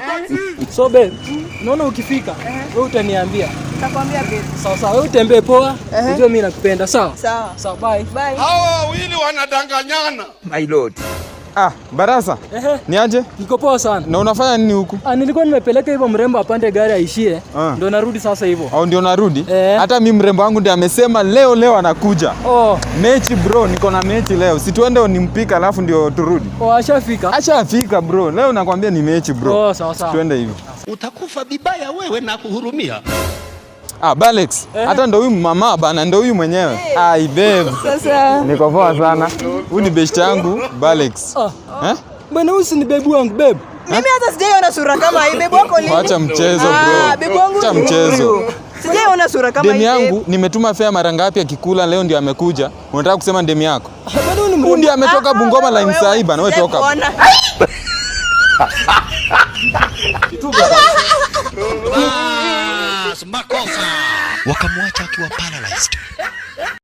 So babe, naona ukifika wewe utaniambia. Nitakwambia babe. Sawa sawa, wewe utembee poa. Unajua mimi nakupenda, sawa? Sawa. Sawa, bye. Bye. Hawa wawili wanadanganyana. My lord. Ah, Barasa. Ehe. Ni aje? Niko poa sana. Na unafanya nini huku? Ah, nilikuwa nimepeleka hivyo mrembo apande gari aishie. Ah. Ndio narudi sasa hivyo. Au ndio narudi? Ehe. Hata mimi mrembo wangu ndiye amesema leo leo anakuja. Oh. Mechi bro, niko na mechi leo. Si nimpika alafu ndio turudi. Oh, ashafika. Ashafika bro. Leo nakwambia ni mechi bro. Oh, sawa sawa. hivyo. Utakufa bibaya wewe na kuhurumia. Ah, Balex. Hata ndo huyu mama bana, ndo huyu mwenyewe. Ai ah, babe. Sasa niko poa sana. Huyu ni best yangu Balex. Ah. Eh? Bwana huyu ni babe wangu babe. Eh? Mimi hata sijaiona sura kama hii babe wako lini? Acha mchezo bro. Ah, babe wangu. Acha mchezo. Sijaona sura kama hii. Demi yangu nimetuma fare mara ngapi akikula leo ndio amekuja. Unataka kusema demu yako? Huyu ndio ametoka ah, Bungoma line saa hii bana, wewe toka. Tuko. makosa, wakamwacha akiwa paralyzed.